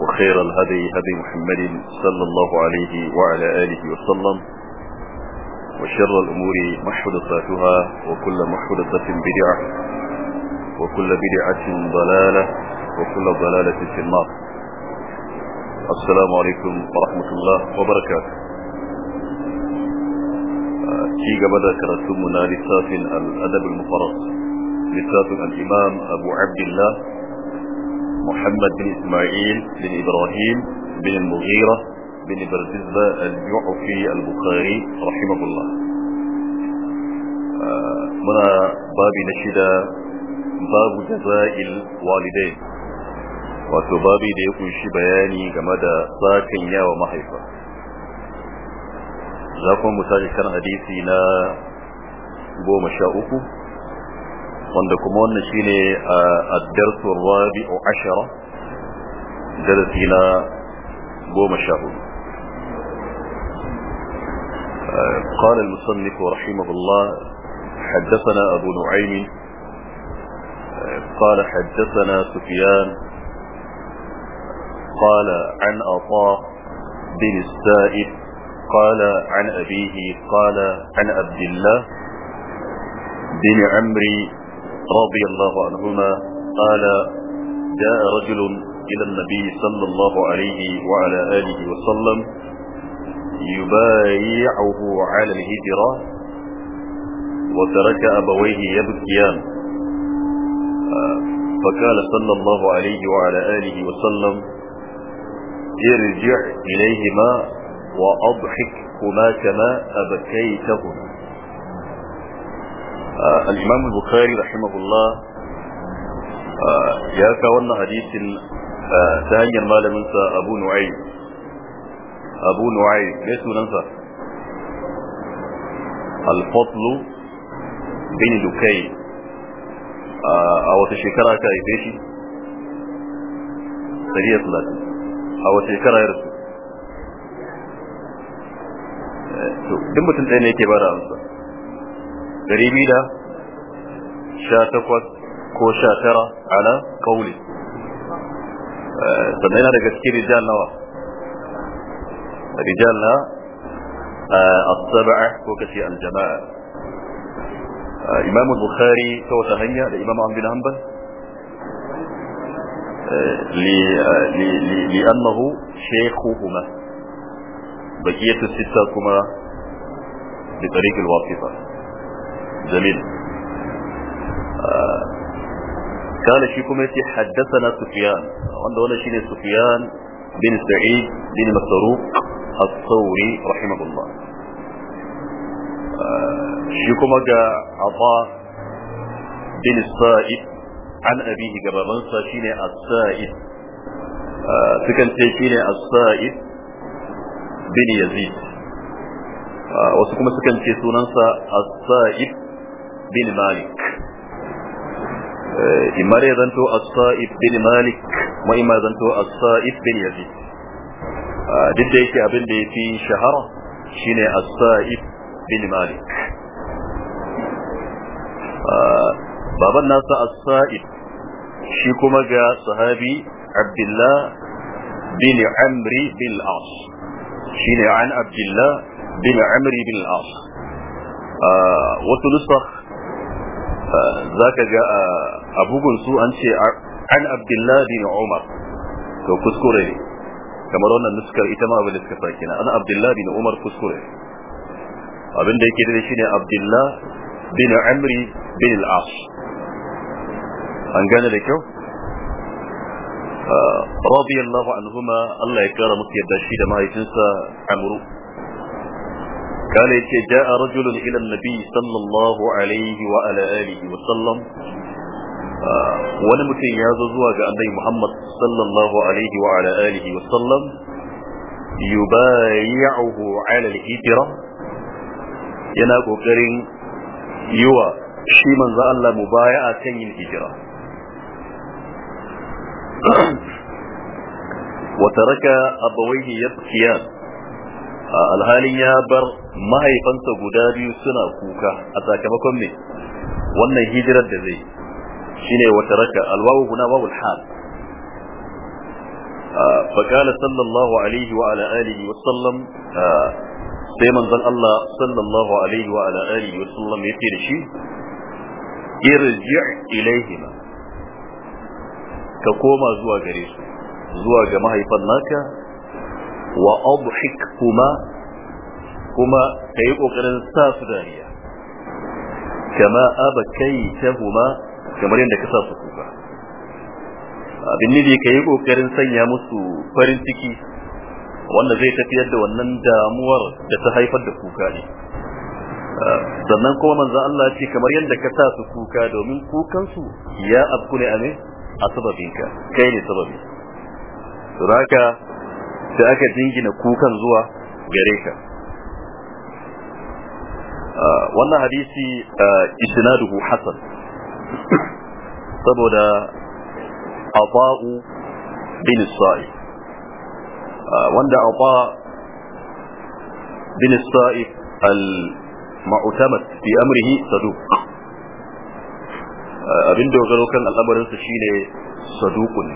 وخير الهدي هدي محمد صلى الله عليه وعلى آله وسلم وشر الأمور محدثاتها وكل محدثة بدعة وكل بدعة ضلالة وكل ضلالة في النار السلام عليكم ورحمة الله وبركاته في قبل كرتم لساف الأدب المفرط لساف الإمام أبو عبد الله محمد بن إسماعيل بن إبراهيم بن المغيرة بن برزبة الجعفي البخاري رحمه الله آه، من باب نشدة باب جزاء الوالدين وتباب ديكو شبياني كما دا ساكنيا ومحيفة لكم مساجد كان حديثي نا بو مشاوكو wanda kuma wannan shine ad-darsu rabi'u ashara darasi na goma sha hudu قال المصنف رحمه الله حدثنا أبو نعيم آه، قال حدثنا سفيان قال عن أطاء بن السائب قال عن أبيه قال عن عبد الله بن عمرو رضي الله عنهما قال جاء رجل إلى النبي صلى الله عليه وعلى آله وسلم يبايعه على الهجرة وترك أبويه يبكيان فقال صلى الله عليه وعلى آله وسلم ارجع إليهما وأضحكهما كما أبكيتهما آه، الإمام البخاري رحمه الله آه، يا كون حديث ثانيا آه، ما لم ننسى أبو نعيم أبو نعيم ليس ننسى الفضل بن لكي أو تشكرك إيش سرية ثلاثة أو تشكرك يرسل دمت mutum ɗaya ne yake دريميدا شاتقوت كو شاترا على قولي سمعنا آه، لكسكي رجالنا رجالنا آه، السبع كو الجماعة آه، إمام البخاري سوى تهيئة لإمام عم بن همبل لأنه شيخهما بقية الستة كما بطريق الواسطة جميل آه، كان شي كما يتي حدثنا سفيان عنده ولا شي سفيان بن سعيد بن مسروق الثوري رحمه الله آه، شي كما جاء عطاء بن الصائد عن أبيه جبابنسا شيني الصائد آه، سكن شيني الصائد بن يزيد وسكما سكن سونانسا السائد bin malik imma dai zanto as-sa'ib bin malik wa imma zanto as-sa'ib bin yazid duk da yake abin da yafi shahara shine as-sa'ib bin malik baban nasa as-sa'ib shi kuma ga sahabi abdullah bin amri bin al-as shine an abdullah bin amri bin al-as wasu nusakh zaka ga a bugun su an ce an abdullah bin umar to kuskure ne kamar wannan nuskar ita ma abin da suka sake na an abdullah bin umar kuskure abin da yake da shi ne abdullah bin amri bin al-as an gane da kyau radiyallahu anhuma Allah ya kara musu yadda shi da mahaifinsa amru قال يتي جاء رجل إلى النبي صلى الله عليه وعلى آله وسلم wani mutum ya zo zuwa ga annabi Muhammad sallallahu alaihi wa ala alihi wa sallam yubayyi'uhu ala yana kokarin yiwa shi manzo Allah mubaya'a kan yin hijira wa taraka abawayhi yabkiyan alhalin ya bar mahaifansa guda biyu suna kuka a sakamakon me wannan hijirar da zai shine wata raka alwawu guna wawul hal فقال صلى الله عليه وعلى آله وسلم manzon Allah sallallahu wa ala wa sallam ya ce da shi irji ilaihima ka koma zuwa zuwa ga mahaifan naka wa adhik kuma kuma ka yi ƙoƙarin sa su dariya kama huma kamar yadda ka sa su kuka abin ne ka yi ƙoƙarin sanya musu farin ciki wanda zai tafiyar da wannan damuwar da ta haifar da kuka ne ah, sannan kuma manzan Allah ce kamar yadda ka sa su kuka domin kukansu ya abu ne a ne a sababinka kai ne sababi suraka sai aka jingina kukan zuwa gare ka ah, wannan hadisi ah, isnaduhu hasan saboda aba'u bin sa'i ah, wanda aba bin sa'i al-ma'tamad fi amrihi saduq abin dogaro kan al'amarinsa shine saduqun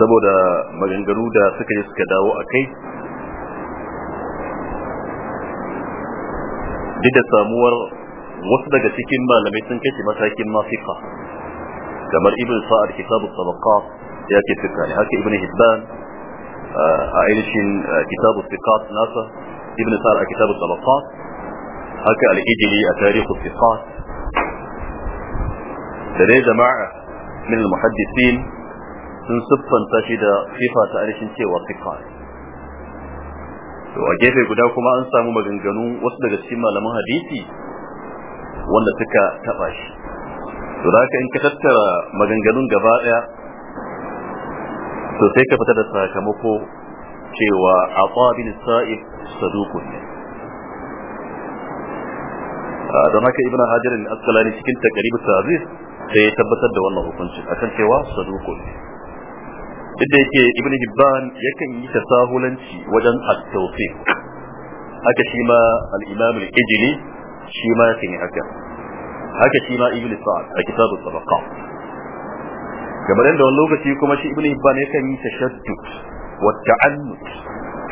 saboda maganganu da suka yi suka dawo a kai duk da samuwar wasu daga cikin malamai sun kai matakin mafika kamar ibn sa'ad kitabu sabaqa ya ke fika ne haka ibn hibban a ainihin kitabu tabaqat nasa ibn sa'ad a kitabu sabaqa haka al-ijli a tarihu tabaqat da dai jama'a min al-muhaddisin sun siffanta shi da sifa ta arishin cewa sifa to a gefe guda kuma an samu maganganu wasu daga cikin malaman hadisi wanda suka taba shi to da in ka tattara maganganun gaba daya to sai ka fita da sakamako cewa a bin sa'id sadukun ne don haka ibn hajar al-asqalani cikin takrib tazis sai ya tabbatar da wannan hukuncin akan cewa sadukun ne duk yake ibn hibban yakan yi tasahulanci wajen at-tawfiq haka shi ma al-imam al-ijli shi ma yake yi haka haka shi ma ibn sa'd a kitab al sabaqat kamar yadda wannan lokaci kuma shi ibn hibban yakan yi tashaddud wa ta'annud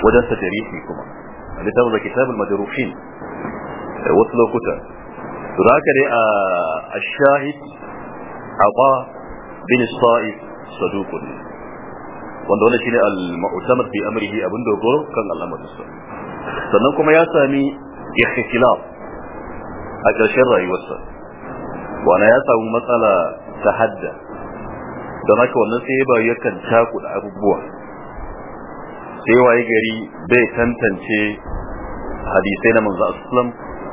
wajen tadrihi kuma a littafin kitab al madrufin wasu lokuta to haka dai a shahid aba bin sa'id صدوق wanda shi ne al-mu'tamad fi amrihi abin dogoro kan al'amarin sa sannan kuma ya sami ikhtilaf a ƙarshen rayuwarsa wana ya samu matsala ta hadda don haka wannan sai ba yakan da abubuwa sai waye gari bai tantance hadisai na manzo sallam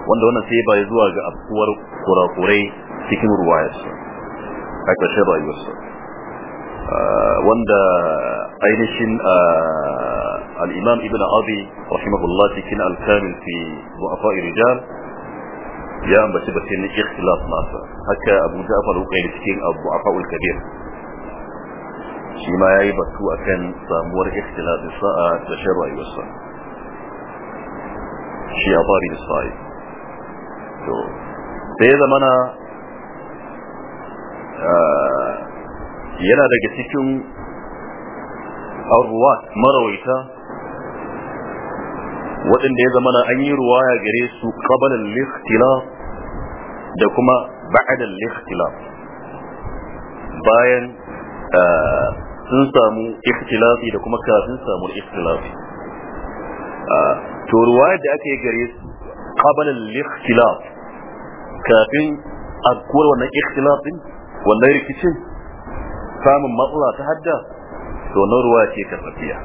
wanda wannan sai ba zuwa ga afkuwar kurakurai cikin ruwayarsa a ƙarshen rayuwarsa wanda ainihin al-imam ibn abi rahimahullah cikin al-kamil fi du'afa rijal ya ambaci batun ikhtilaf nasa haka abu ja'far ukaini cikin du'afa al-kabir shi ma yayi batu akan samuwar ikhtilaf sa'a da shar'i wasa shi ya bari da sa'i to sai zamana yana daga cikin arruwat marawaita waɗanda ya zama na an yi ruwaya gare su ƙabalar lihtila da kuma ba'adin lihtila bayan ah, sun samu ikhtilafi da kuma kafin samun ikhtilafi ah, to ruwaya da aka yi gare su ƙabalar lihtila kafin a kuwar wannan ikhtilafin wannan rikicin samun matsala ta hadda to na ruwa ce karfafiya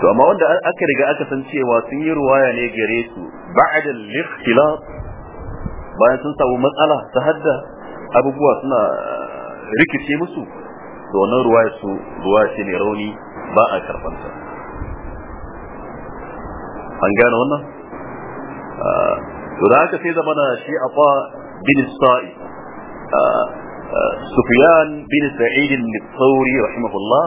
to amma wanda aka riga aka san cewa sun yi ruwaya ne gare su ba'da al-ikhtilaf bayan sun samu matsala ta hadda abubuwa suna eh, rikice musu to na ruwa su ruwa ce ne rauni ba a karfanta an gane wannan eh, to da aka sai zamana shi afa bin sa'i eh, Sufyan bin Sa'id al-Thawri rahimahullah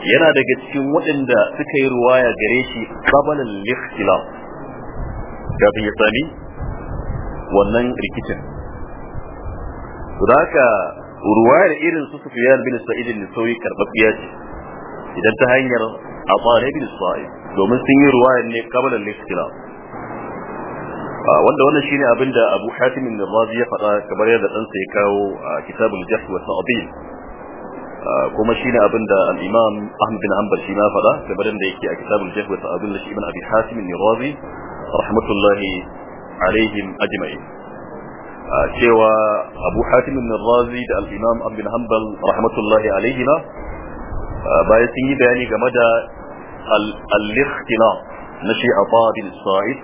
yana daga cikin waɗanda suka yi ruwaya gare shi kabalin al-ikhtilaf kafin ya sami wannan rikicin haka ruwayar irin su Sufyan bin Sa'id al-Thawri karbabbiya ce idan ta hanyar Abu bin Sa'id domin sun yi ruwayar ne kabalin al Ah, wanda wannan shine abin da Abu Hatim bin Razi ya faɗa kamar yadda dan sa ya kawo a kitabul Jahl wa Ta'dil ah, kuma shine abin da al-Imam Ahmad bin Hanbal shi ma faɗa kamar yadda yake a kitabul Jahl wa Ta'dil shi ibn Abi Hatim bin Razi rahmatullahi alaihim ajma'in ah, cewa Abu Hatim bin Razi da al-Imam Ahmad bin Hanbal rahmatullahi alaihim bayan sun yi bayani game da al-ikhtilaf na shi a Babil Sa'id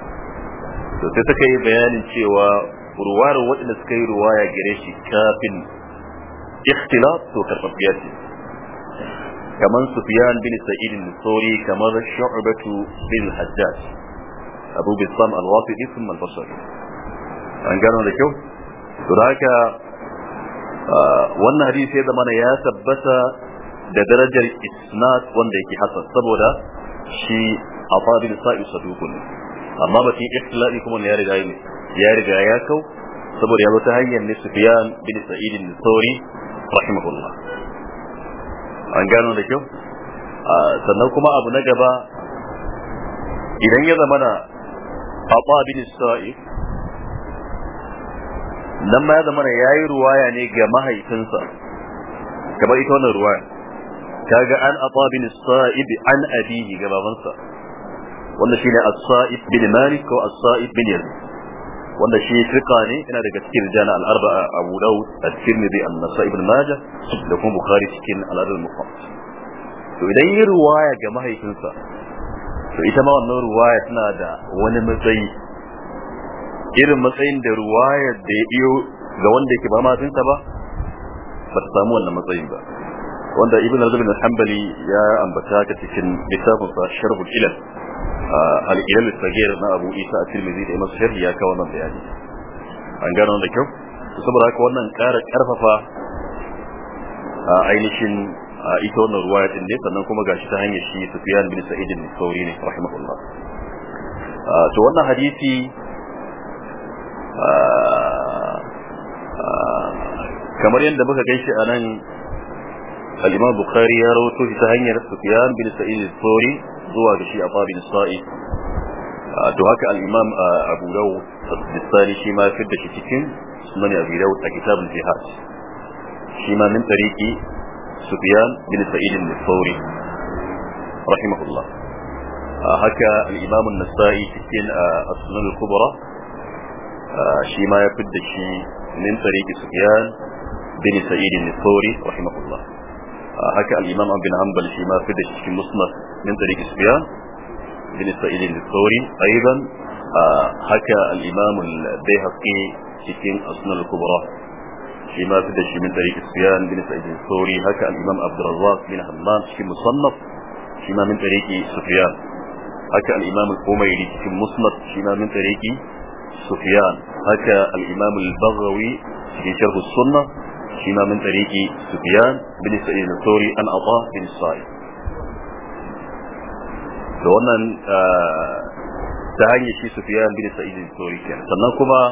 to sai suka yi bayanin cewa ruwarin waɗanda suka yi ruwaya gare shi kafin ikhtilaf to karfafiya ce kamar sufyan bin sa'id al kamar shu'batu bin hajjaj abu Sam al wafi thumma al an gano da kyau to haka wannan hadisi ya zama ya tabbata da darajar isnad wanda yake hasan saboda shi a fadin sa'i saduqun amma batun ikhtilali kuma ya riga ne ya riga ya kau saboda ya zo ta hanyar ne Sufyan bin Sa'id bin rahimahullah an gano da kyau sannan kuma abu na gaba idan ya zama na Abba bin Sa'id nan ma ya zama na yayi ruwaya ne ga mahaifinsa kamar ita wannan ruwaya kaga an Abba bin Sa'id an abihi ga babansa wanda shine as-sa'ib bin malik ko as-sa'ib bin yazid wanda shi fiqa ne yana daga cikin rijal al-arba'a abu daud at-tirmidhi an-nasa'i ibn majah da kuma bukhari cikin al-adab al to idan yi ruwaya ga mahaifinsa to ita ma wannan ruwaya tana da wani matsayi irin matsayin da ruwaya da ya biyo ga wanda yake ba mahaifinsa ba ba ta samu wannan matsayin ba wanda ibn al-rajab al-hanbali ya ambata ka cikin littafin sa sharh al-ilal al-ilm al-sagir na Abu Isa at-Tirmidhi da Imam Sharhi ya kawo wannan bayani an gano da kyau saboda haka wannan ƙara ƙarfafa ainihin ita wannan ruwa din ne sannan kuma gashi ta hanyar shi Sufyan bin Sa'id bin Thawri ne rahimahullah to wannan hadisi kamar yadda muka gaishe a nan al-Imam Bukhari ya rawaito ta hanyar Sufyan bin Sa'id bin Thawri zuwa ga shi a babin sa'i to haka al-imam abu dawud bisani shi ma fidda shi cikin sunan abu dawud a kitabul jihad shi ma min tariki sufyan bin sa'id al-thawri rahimahullah haka al-imam an-nasa'i cikin as-sunan al-kubra shi ma ya fidda shi min tariki sufyan bin sa'id al-thawri rahimahullah haka al-imam ibn hanbal shi ma fidda shi cikin musnad من طريق سفيان بن سعيد الثوري أيضا آه، حكى الإمام البيهقي في كين أسنان الكبرى فيما تدشي من طريق سفيان بن سعيد الثوري حكى الإمام عبد الرزاق بن همام في مصنف فيما من طريق سفيان حكى الإمام الحميري في مصنف فيما من طريق سفيان حكى الإمام البغوي في شرح السنة فيما من طريق سفيان بن سعيد الثوري عن عطاء بن الصائب da wannan ah, ta hanyar shi sufiyan bin sa'id al-thawri kenan sannan kuma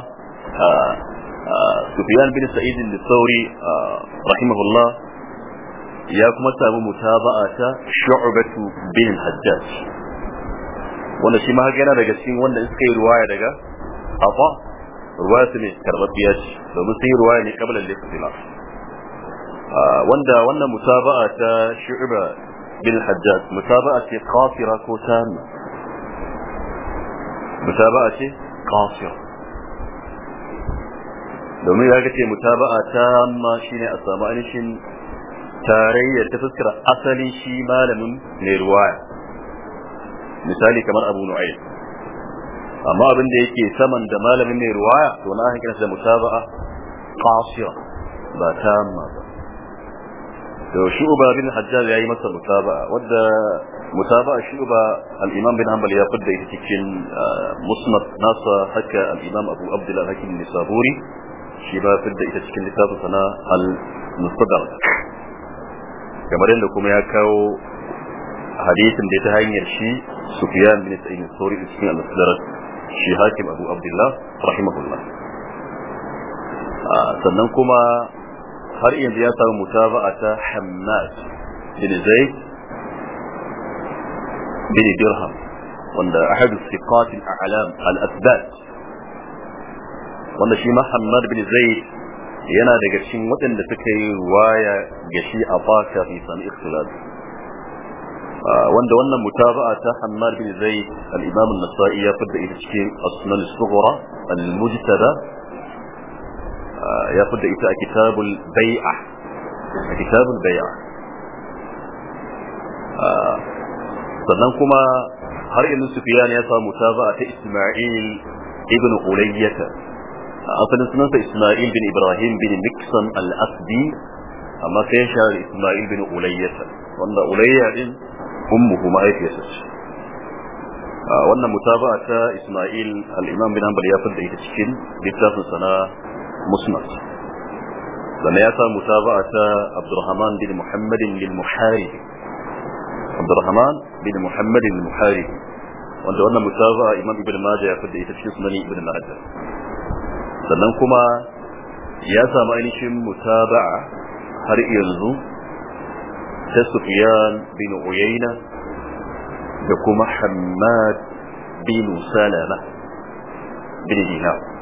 ah, ah, sufiyan bin sa'id al-thawri rahimahullah ya kuma samu mutaba'a ta shu'batu bin hajjaj wanda shi ma yana daga cikin wanda suka yi ruwaya daga afa ruwaya su ne karbabbiya ce domin sun yi ruwaya ne kabilan al wanda wannan mutaba'a ta shu'ba بن الحجاج مسابقة قاصرة تامة مسابقة قاصرة domin ya ce mutaba'a ta ma shine a samu ainihin tarayya ta fuskar asalin shi malamin mai ruwaya misali kamar abu nu'ayn amma abin da yake saman da malamin mai ruwaya to na hakikin da mutaba'a qasira ba tamma ba to shu'ba bin hajjaj yayi masa mutaba wadda mutaba shu'ba al-imam bin hanbal ya fadda ita cikin ah, musnad nasa haka al-imam abu abdullah hakim nisaburi shi ba fadda ita cikin littafin sana al-mustadrak kamar yadda kuma ya kawo hadisin da ta hanyar shi sufyan bin sa'id al-thawri cikin al-mustadrak shi hakim abu abdullah rahimahullah ah, sannan kuma har yanzu ya samu mutaba'a ta Hammad bin Zaid bin Dirham wanda ahadu thiqat al-a'lam al-athbat wanda shi ma Hammad bin Zaid yana daga cikin waɗanda suka yi waya ga shi a fasa fi san ikhtilal wanda wannan mutaba'a ta Hammad bin Zaid al-Imam an-Nasa'i ya fadda ita cikin as-Sunan as sughra al-Mujtada ya fidda ita a kitabul bai'a a kitabul bai'a sannan kuma har ibn sufyan ya samu taba'a ta isma'il ibn qulayyata asalin sunansa isma'il bin ibrahim bin miksan al-asdi amma sai ya shahara isma'il bin qulayyata wanda ulayya din ummuhu mahaifiyarsa ce wannan mutaba'a ta Ismail al-Imam bin Hanbal ya fada ita cikin littafin sana مسند لما يأتى متابعة عبد الرحمن بن محمد بن محارب عبد الرحمن بن محمد بن للمحارب وانا متابعة إمام ابن ماجة يقول لي تشخيص مني ابن ماجة سننكما يأتى ما إنشم متابعة هرئي ينزو تسفيان بن عيينة يقول محمد بن سلامة بن دينار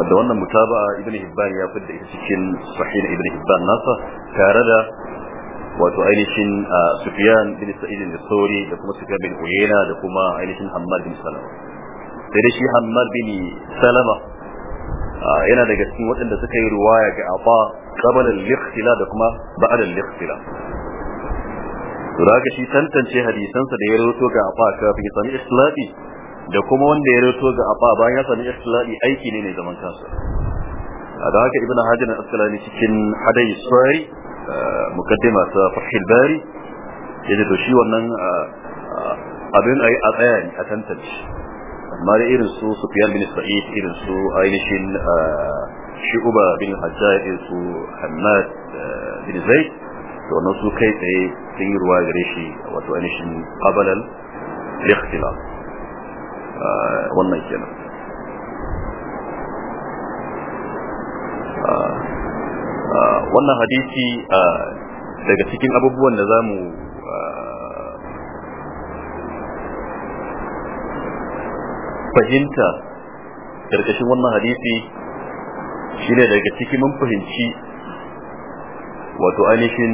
wadda wannan mutaba'a ibn hibban ya fidda ita cikin sahih ibn hibban nasa tare da wato ainihin sufyan bin sa'id bin da kuma sufyan bin uyena da kuma ainihin hammad bin salama sai da shi hammad bin salama yana daga cikin waɗanda suka yi ruwaya ga afa qabala al-ikhtila da kuma ba'da al-ikhtila to da shi tantance hadisansa da ya rawaito ga afa kafin sami islaɗi. da kuma wanda ya rato ga abba bayan ya sami islami aiki ne ne zaman kansa da haka ibnu hajar al-asqalani cikin hadai sari mukaddima ta fathul bari ya to shi wannan abin ayi a tsaya ne a tantance amma da irin su sufyan bin sa'id irin su ainihin shi'uba bin hajjaj irin su hamad bin zaid to wannan su kai tsaye sun yi ruwa gare shi wato ainihin Abalal ikhtilaf wannan kenan wannan hadisi daga cikin abubuwan da za mu fahimta karkashin wannan hadisi shi ne daga cikin mun fahimci wato ainihin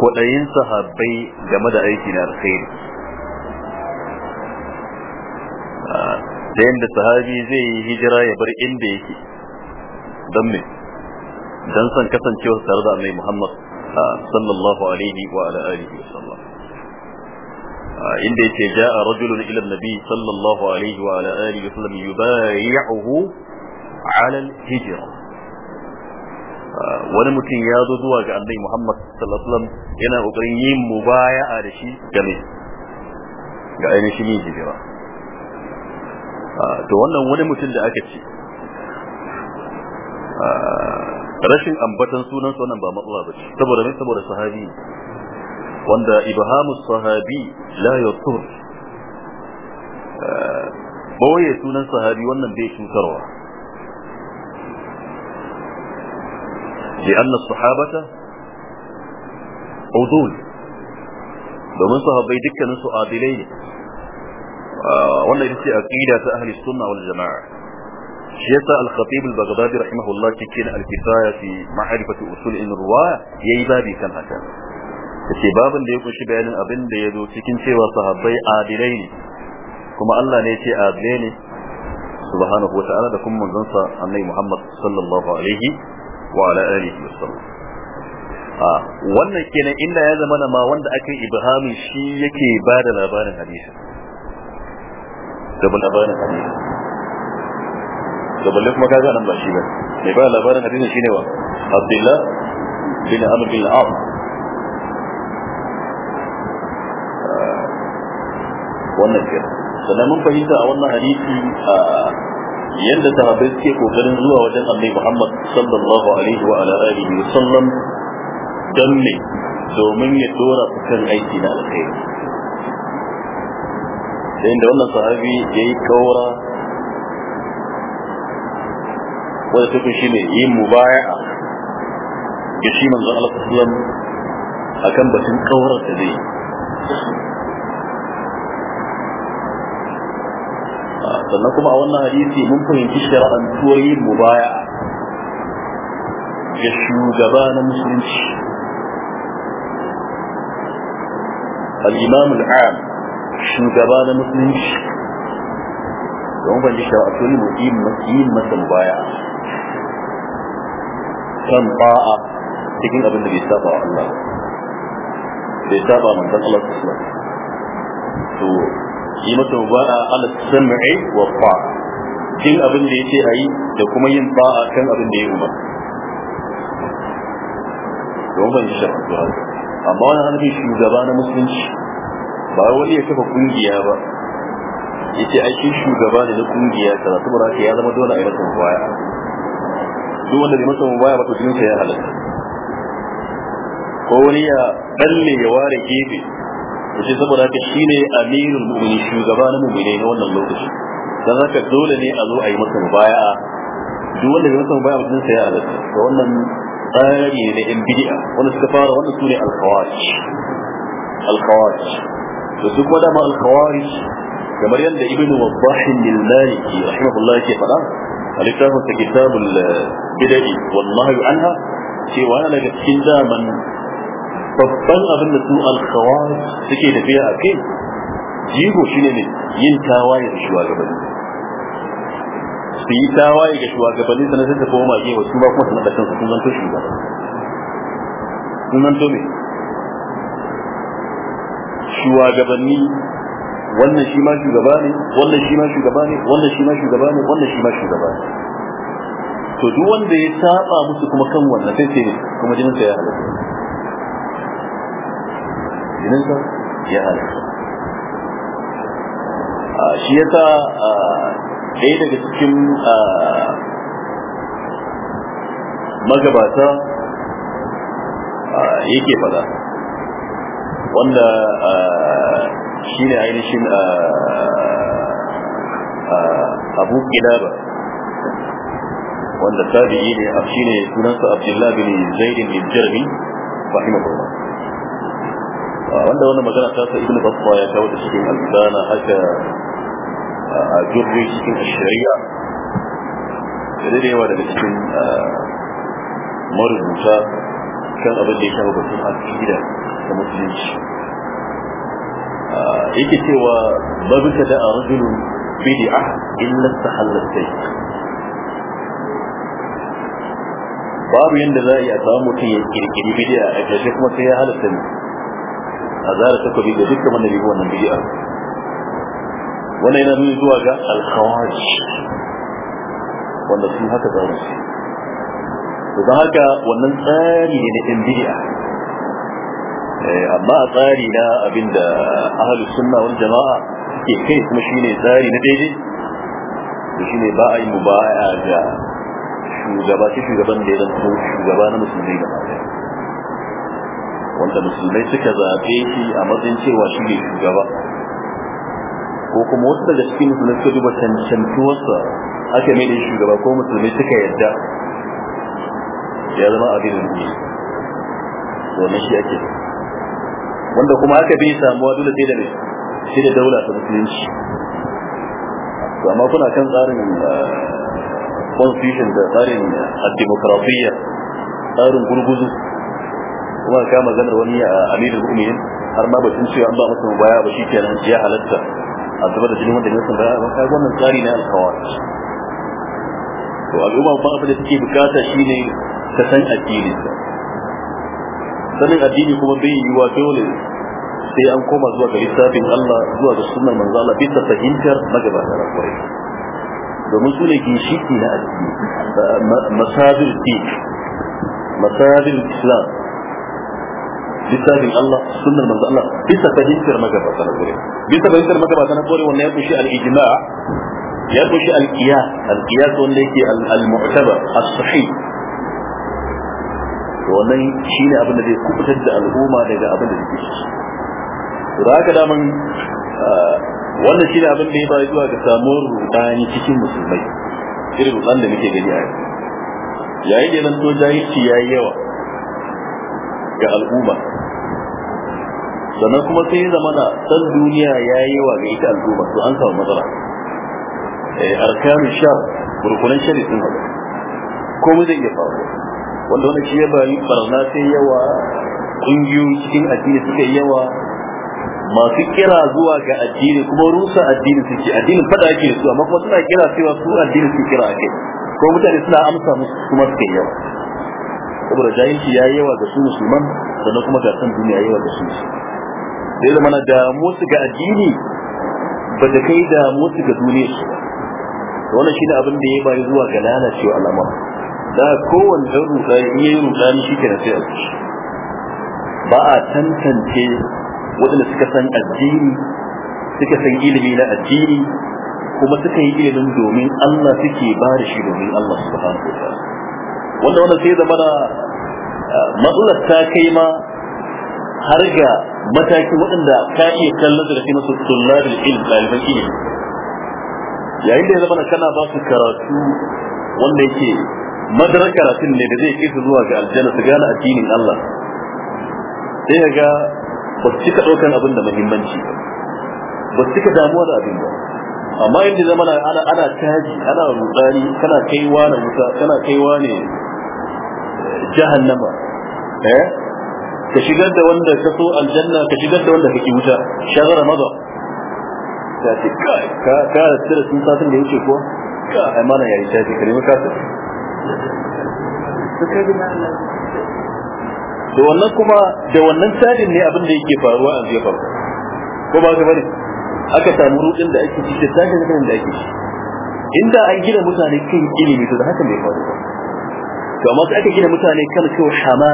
kwaɗayin sahabbai game da aiki na alkhairi da yadda sahabi zai yi hijira ya bar inda yake don me don son kasancewa tare da annabi Muhammad sallallahu alaihi wa ala alihi wa sallam inda yake a rajulun ila nabi sallallahu alaihi wa ala alihi wa sallam yubayi'uhu ala al-hijra wani mutum ya zo zuwa ga annabi Muhammad sallallahu alaihi wa sallam yana kokarin yin mubaya'a da shi game ga ainihin hijira Ah, to wannan wani mutum da aka ce ah, rashin ambatan sunan sunan ba matsala ba ce saboda mai saboda sahabi wanda ibhamu sahabi la yusur ah, boye sunan sahabi wannan bai cutarwa لأن الصحابة عدول domin sahabbai dukkanin su adilai ne wannan ita ce aqida ta ahli sunna wal jama'a shi yasa al-khatib al-baghdadi rahimahullah cikin al-kifaya fi ma'rifati usul al-riwaya yayi babi kan haka yace babin da ya kunshi bayanin abin da ya zo cikin cewa sahabbai adilai ne kuma Allah ne ce adilai ne subhanahu wa ta'ala da kuma manzon sa annabi Muhammad sallallahu alaihi wa ala alihi wasallam a wannan kenan inda ya zama ma wanda aka yi shi yake bada labarin hadisi da ba labarin hadisi da balle kuma kaga nan ba shi ba mai ba labarin hadisi shine wa Abdullah bin Amr bin Al-As ah, wannan kira sannan mun fahimta a wannan hadisi a yadda sahabbai suke kokarin zuwa wajen annabi Muhammad sallallahu alaihi wa ala alihi wa sallam dan domin ya dora kan aiki na alkhairi da inda wannan sahabi ya yi kaura wadda take shi ne yin mubaya'a ya shi manzon Allah a kan batun kaurar da zai ah, sannan kuma a wannan hadisi mun fahimci shari'an tuwayin mubaya'a ya shugaba na musulunci al-imam al-am shugaba na musulunci don ban ji shara'atul mu'im yin masa baya kan ba'a cikin abin da bai saba wa Allah bai saba manzon Allah Su alaihi wasallam to yi masa mubaya'a ala sam'i wa ta'a cikin abin da ya ce a yi, da kuma yin ta'a kan abin da ya yi umar don ban a shara'atul amma wannan hanabi shugaba na musulunci ba wani ya kafa kungiya ba Ya ce shi shugaba ne na kungiya kaza saboda haka ya zama dole a yi masa mubaya duk wanda bai masa mubaya ba to jinin ya halatta ko wani ya dalle ya ware gefe ce saboda haka shi shine amirul mu'minin shugaba na mu'minai na wannan lokaci dan haka dole ne a zo a yi masa mubaya duk wanda bai masa mubaya ba jinin ya halatta Da wannan tsari ne na yan bid'a wanda suka fara wannan sune al-khawarij al da su kuma dama kamar yadda ibnu wabahin lil rahimahullah faɗa a littafin sa kitabul bidai wal anha cewa yana daga cikin daman babban abin da su suke tafiya a kai jigo shine ne yin tawaye da shugabanni su yi tawaye ga shugabanni sannan sai koma ba kuma sun zanto shugaba sun zanto shugabanni wannan shi ma shugaba ne wannan shi ma shugaba ne wannan shi ma shugaba ne wannan shi ma shugaba ne to duk wanda ya saba musu kuma kan wannan sai sai kuma jinin sa ya halaka jinin sa ya halaka shi yasa ɗaya daga cikin magabata yake faɗa wanda shi ne ainihin abu kilaba wanda tabi'i ne a shi ne sunansa abdullahi bin zaidin bin jirmi rahimahullah wanda wani magana ta sa ibn babba ya kawo da shi ne albana haka a jirgin cikin shari'a da da yawa daga cikin marubuta kan abin da ya shafi batun akida ta musulunci ah, yake cewa babu ta da rajulun bid'a illa tahalla babu yanda za a yi a samu mutum ya kirkiri bid'a a ƙarshe kuma sai ya halatta ne a zara takobi da dukkan wanda bai wannan bid'a wannan yana nuni zuwa ga alkhawaj wanda sun haka zaune su don haka wannan tsari ne na ɗan bid'a Eh, amma a tsari na abinda ahalus sunna wani jama'a ke kai kuma shi ne tsari na daidai to ne ba a yi mubaya ga shugaba shi shugaban da ya zanto shugaba na musulmai gaba ɗaya wanda musulmai suka zaɓe shi a matsayin cewa shi ne shugaba ko kuma wasu daga cikin musulmai suka duba cancantuwarsa aka mai da shugaba ko musulmai suka yadda ya zama abin da ne wannan shi ake wanda kuma haka bai samuwa dole sai da mai sai da daula ta musulunci to amma kuna kan tsarin ah, constitution da tsarin demokrafiyya tsarin gurguzu kuma ka maganar wani a ah, amirul mu'minin har ma batun cewa an ba masa baya ba shi kenan ya halatta a zuba da jini wanda ya sun baya ba ka ga wannan tsari na alkawari to al'umma ba abin da take bukata shine ka san addinin sanin addini kuma bai yiwuwa dole sai an koma zuwa ga littafin Allah zuwa ga sunnar manzo Allah bisa fahimtar magabata na kwarai domin su ne ginshiki na addini masabir din masabir islam littafin Allah sunnar manzo Allah bisa fahimtar magabata na kwarai bisa fahimtar magabata na kwarai wannan ya kushi al-ijma' ya kushi al-qiyas al-qiyas wanda yake al-mu'tabar as-sahih to wannan shine abin da zai kubutar da al'umma daga abin da suke shi to da haka daman wannan shine abin da ya ba zuwa ga samuwar rudani cikin musulmai irin rudan da muke gani a yanzu yayin da nan to jahilci yayi yawa ga al'umma sannan kuma sai zamana san duniya ya yi yawa ga ita al'umma to an samu matsala eh, arkanu shar burkunan shari'in sun haɗu komai zai iya faruwa wanda wani shi ya bari barna sai yawa ƙungiyoyi cikin addini suka yi yawa masu kira zuwa ga addini kuma rusa addini suke addinin fada ake su amma kuma suna kira cewa su addini su kira ake ko mutane suna amsa musu kuma suke yawa saboda jahilci ya yawa ga su musulman sannan kuma ga san duniya yawa ga su sai zama na damu su ga addini ba da kai damu su ga duniya wannan shine abin da ya bari zuwa ga lalacewa al'amura da kowane ɗan rudani in yayi rudani shi kenan sai a ci ba a tantance waɗanda suka san addini suka san ilimi na addini kuma suka yi ilimin domin Allah suke ba da shi domin Allah subhanahu wa ta'ala wanda wanda sai zama matsalar ta kai ma har ga mataki waɗanda ka iya kallon da kai masu tullarin ilm ɗaliban ilimi yayin da ya zama kana ba su karatu wanda yake madarar karatun ne da zai kai su zuwa ga aljanna su gane addinin Allah sai ya ga ba su cika ɗaukan abin da muhimmanci ba ba su cika damuwa da abin ba amma inda zama ana ana caji ana rutsari kana kaiwa na wuta kana kaiwa ne eh, jahannama eh ka shigar da wanda ka so aljanna ka shigar da wanda kake wuta shagara maza ka ce ka ka tsira sun satin da yake ko ka amana mana yayi caji kare maka da wannan kuma da wannan tsarin ne abin da yake faruwa a zai faru ko ba ga bari? aka samu rudin da ake ciki da hankalin da ake ciki inda an gina mutane kan ilimi to da haka bai faru ba to amma sai aka gina mutane kan cewa shama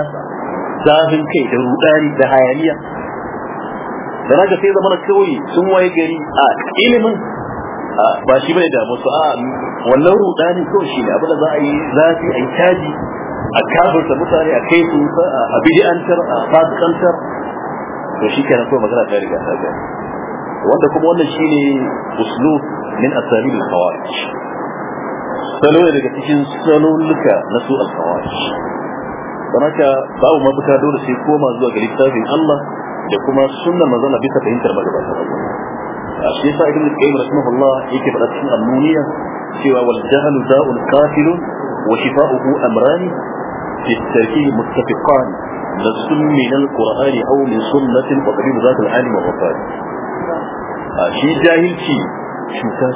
zafin kai da rudani da hayaniya da naga sai zamana kawai sun waye gari a ilimin ba shi bane da musu a wannan rudani ko shi ne abin da za a yi zafi a yi kaji a kafirta mutane a kai su a bid'antar a fasikantar to shi kenan ko magana ta riga ta ga wanda kuma wannan shi ne uslub min asabil al-khawarij salo ne daga cikin saloluka na su al-khawarij don haka babu mabuka dole sai koma zuwa ga littafin Allah da kuma sunnar manzon bisa fahimtar magabata shi yasa ibn qayyim rahimahullah yake fada cikin annuniya cewa wal jahlu da'un qatil wa shifa'uhu amran fi tarkib muttafiqan nasun min al-qur'an aw min sunnatin wa qadim zat al-alim wa wafat shi jahilci cuta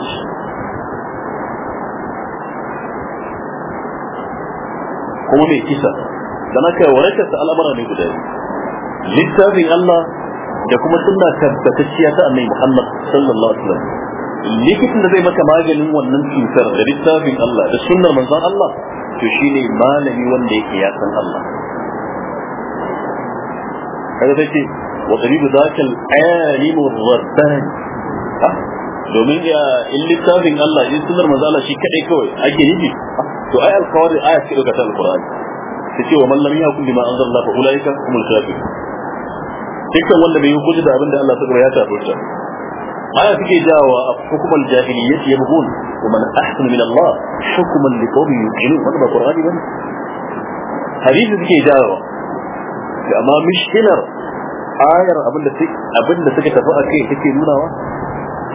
kuma mai kisa dan haka warakar sa al'amara ne gudani. littafin Allah da kuma sunna tabbatacciya ta annabi Muhammad sallallahu alaihi wasallam likitan da zai maka maganin wannan cutar da littafin Allah da sunnar manzon Allah to shine malami wanda yake ya san Allah Kada sai ce wa tabibu zakal alimu rabbani domin ya in littafin Allah in sunnar manzon Allah shi kadai kawai ake nufi to ai alkawari aya ce daga alqur'ani sai ce wa man lam yakun bima anzalallahu fa ulaika humul kafirun dukkan wanda bai yi hukunci da abin da Allah ya tabbata ana suke jawo a hukumar jahiliyyati ya bugun wa man ahsan min Allah hukuman li qawmi yuqinu wannan ba qur'ani bane hadisi suke jawo amma mishkilar ayar abinda take abinda suka tafi a kai take nunawa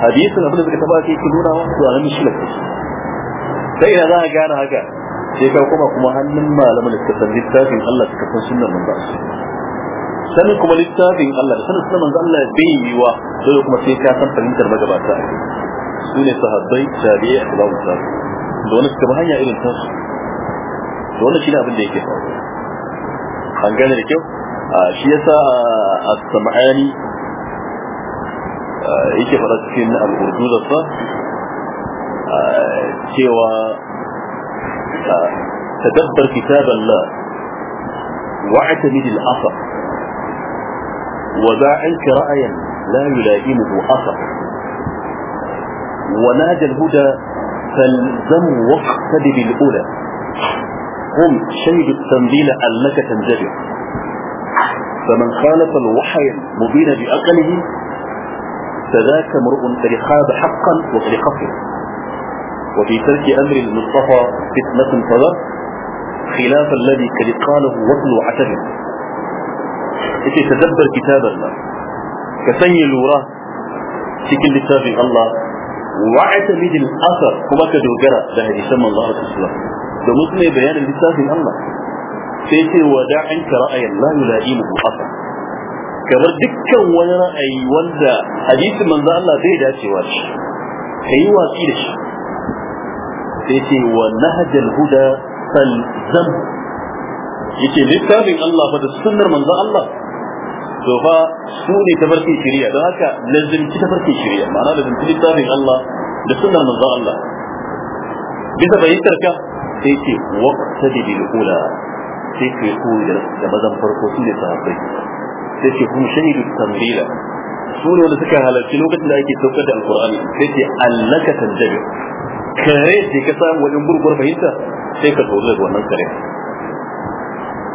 hadisin abinda suka tafi a kai take nunawa to a mishkilar sai ina za a gane haka sai ka kuma kuma hannun malamin da suka san littafin Allah suka san sunnar manzo sanin kuma littafin Allah da sanin sunan manzo Allah bai yiwa dole kuma sai ka san fahimtar magabata su ne sahabbai tabi'i da babu sa da wani suka hanya irin ta su da wani shine abin da yake faru an gane da kyau shi yasa as-sam'ani yake fara cikin al-urdu da sa cewa tadabbar kitab Allah wa'tamid al وباع عنك رأيا لا يلائمه أثر ونادى الهدى فالزم واقتد الأولى هم شهدوا التنزيل أنك تنزل فمن خالف الوحي المبين بأقله فذاك امرؤ قد خاب حقا وقد خفر وفي ترك أمر المصطفى فتنة فذر خلاف الذي قد قاله وصل yace tadabbar kitaballah ka sanya lura cikin littafin Allah wa atamid al kuma ka dogara da hadisan manzo Allah sallallahu alaihi wasallam domin bayanin littafin Allah sai ce wa da'an ka ra'ayin la yula'imuhu athar kamar dukkan wani ra'ayi wanda hadisin manzo Allah zai dacewa shi kai watsi da shi sai ce wa nahjal huda falzam yake littafin Allah fa da sunnar manzo Allah to fa su ne tafarki shari'a don haka lazimci tafarki shiriya, ma'ana da lazimci littafin Allah da sunnar manzon Allah bisa fahimtar ka sai ce waqta bi ula sai ke koyi da mazan farko su ne sahabbai sai ce kuma shahidu tanzila su ne wanda suka halarci lokacin da ake saukar da alqur'ani sai ce allaka tanjabi kare sai ka samu wajen gurgur fahimta sai ka tsoro da wannan kare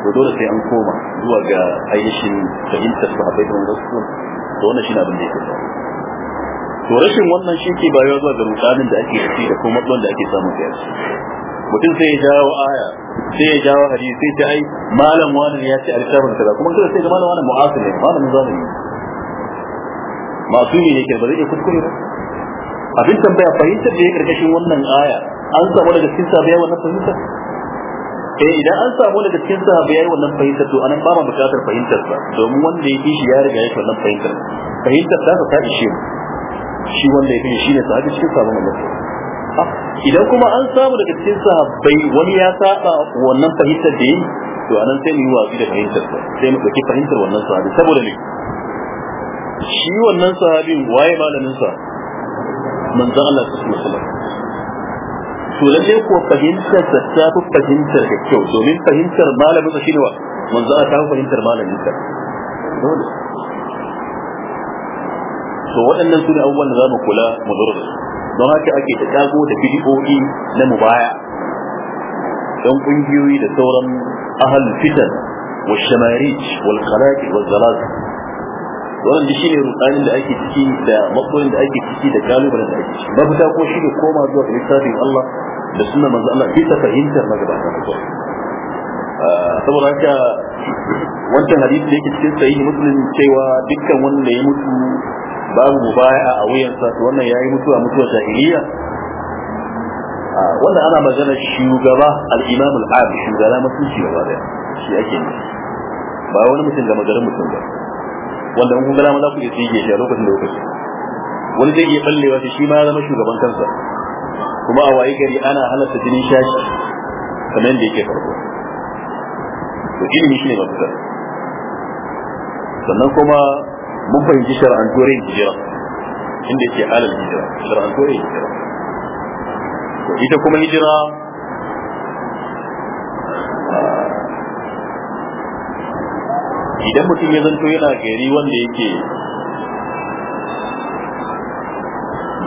to dole sai an koma zuwa ga ainihin fahimtar su a bai da to wannan shi abin da yake faru to rashin wannan shi ke bayar zuwa ga rudanin da ake ciki da kuma matsalan da ake samun da yasu mutum sai ya jawo aya sai ya jawo hadisi sai ta ai malam wani ya ce alkitabun kaza kuma kada sai ga malam wani mu'asir ne malamin zamani masu ne yake ba zai iya kuskure ba abin tambaya fahimtar da ya karkashin wannan aya an samu daga cikin sabiya wannan fahimtar eh idan an samu daga cikin sahabbai yayi wannan fahimtar to anan ba mu bukatar fahimtar sa domin wanda ya kishi ya riga yake wannan fahimtar fahimtar ta ta ishe shi wanda ya kishi shine sahabi cikin sabon Allah ah, idan kuma an samu daga cikin sahabbai wani ya saba wannan fahimtar da yi to anan sai mu yi watsi da fahimtar sa sai mu dauki fahimtar wannan sahabi saboda ne shi wannan sahabin waye malamin sa manzon Allah sallallahu alaihi wasallam to lalle ko fahimtar da ta fi fahimtar da kyau domin fahimtar malamin sa shine wa manzo ta fi fahimtar malamin sa to waɗannan su ne abubuwan da za mu kula mu lura da don haka ake ta dago da bidiyoyi na mu baya. don kungiyoyi da sauran ahal fitan wa shamarij wal qalaqi wal zalaz wannan shi ne rukanin da ake ciki da matsalolin da ake ciki da kalubalen da ake ciki babu ta ko shi ne koma zuwa ga littafin Allah da suna manzo Allah bisa fahimtar magabata da ah, saboda haka wancan hadisi da yake cikin sahihi muslim cewa dukkan wanda ya mutu babu mubaya a wuyansa to wannan yayi mutuwa mutuwa jahiliya ah, wannan ana magana shugaba al-imam al-abi shugaba mutum shugaba da shi ake ne ba wani mutum da magarin mutum ba wanda mun ga ma za ku iya tsige shi a lokacin da kuka wani zai iya ballewa shi ma ya zama shugaban kansa kuma a waye gari ana halatta jinin shashi kamar da yake farko to ilimi shine mafita sannan kuma mun fahimci shar'antuwar yin hijira inda ke alal hijira shar'antuwar yin hijira to ita kuma hijira idan mutum ya zanto yana gari wanda yake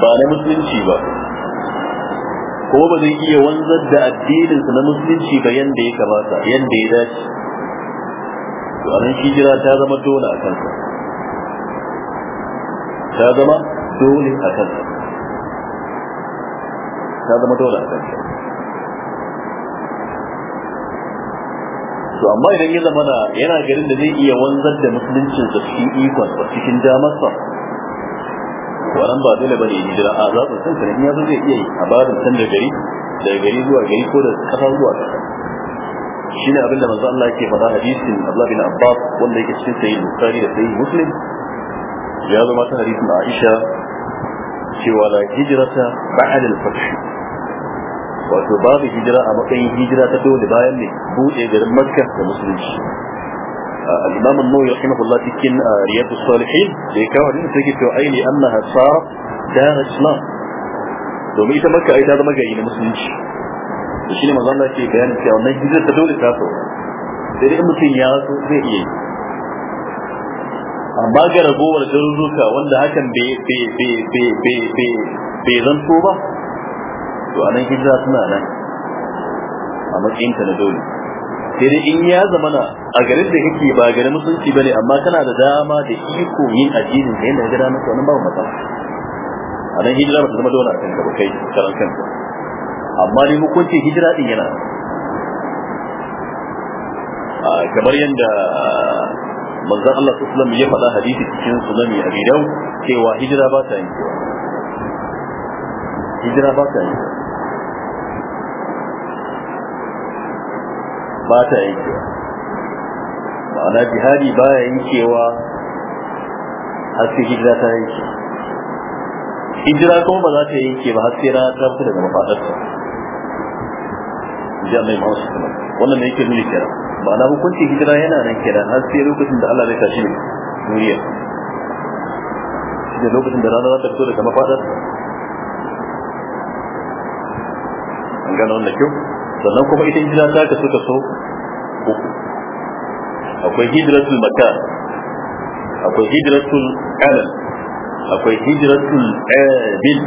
ba na musulunci ba kuma ba zai iya wanzar da addininsa na musulunci ba yadda ya kamata yadda ya dace to hijira ta zama dole a kansa ta zama dole a kansa ta zama dole a kansa to amma idan ya zama yana garin da zai iya wanzar da musuluncinsa cikin ikonsa cikin damar damarsa wannan ba dole bane ya hijira a zaɓin kansa ne in ya zo zai iya yi a barin can da gari daga gari zuwa gari ko da kasa zuwa kasa shi ne abinda manzo Allah yake faɗa hadisin Abdullah bin Abbas wanda yake cikin sahih Bukhari da sahih Muslim ya zo mata hadisin Aisha cewa la hijrata ba'da al-fath wato babu hijira a matsayin hijira ta dole bayan ne buɗe garin Makka da musulunci الإمام النووي رحمه الله تكين رياض الصالحين ليكاو أن تجد عيني أنها صارت دار إسلام domin ita maka ai ta zama gari na musulunci to shine manzo ke bayanin cewa wannan hijira ta dole ta so sai mutum ya so zai iya yi amma ga ragowar garuruka wanda hakan bai zanto ba to anan hijira suna nan a matsayin na dole sai dai in ya zama na a garin da kake ba garin musulunci bane amma kana da dama da iko yin addinin da gada ga wannan babu matsala a nan hijira ba ta zama dole a kanka ba kai karan kanka amma ni kunce hijira din yana kamar yadda manzon Allah sallallahu alaihi ya faɗa hadisi cikin sunan abi Dawud cewa hijira ba ta yi hijira ba ta yi ba ta yankewa ma'ana jihadi ba ya yankewa har sai hijira ta yanke hijira kuma ba za ta yanke ba har sai rana ta fi daga mafaɗarsa ji mai masu kuma wannan ne yake nuna kira ma'ana hukuncin hijira yana nan kira har sai lokacin da Allah zai tashi ne duniya da lokacin da rana za ta fito daga mafaɗarsa an gano wannan kyau sannan kuma ita hijira ta ka suka so uku akwai hijiratul makan akwai hijiratul kanan akwai hijiratul abil